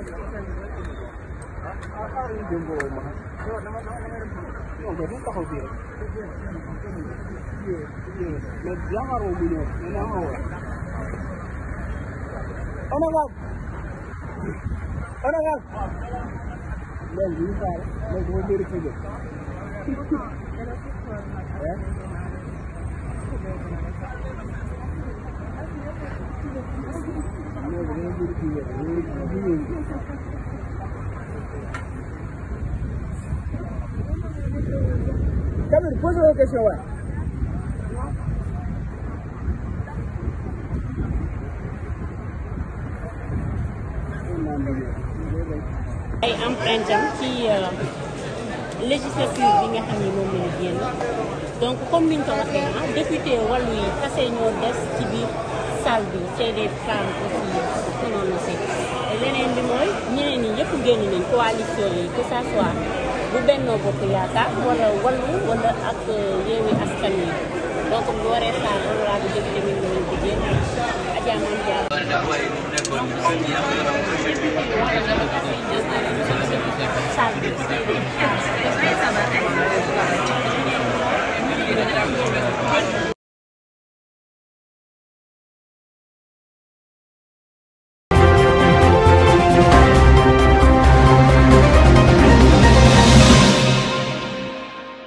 ana waaj ana waaj loolu bu ñu faale loolu dama bëri ci jóg Thank you. Kabir, pose la question waay. ay empreintes am ci. Euh, législature bi nga xam ni moom la génn donc comme ni ko waxee ah, député wàllu yi kase ñoo des ci biir salle bi c'est des femmes aussi prononcé leneen bi mooy ñeneen ñi yëpp génn nañ coalition yi que ça soit bu Benno Bokk Yaakaar wala wàllu wala ak euh, Yewwi Askan Wi donc bu waree Sarr honorable député mi ngi leen di génn Adja Mame Diallo Thank you.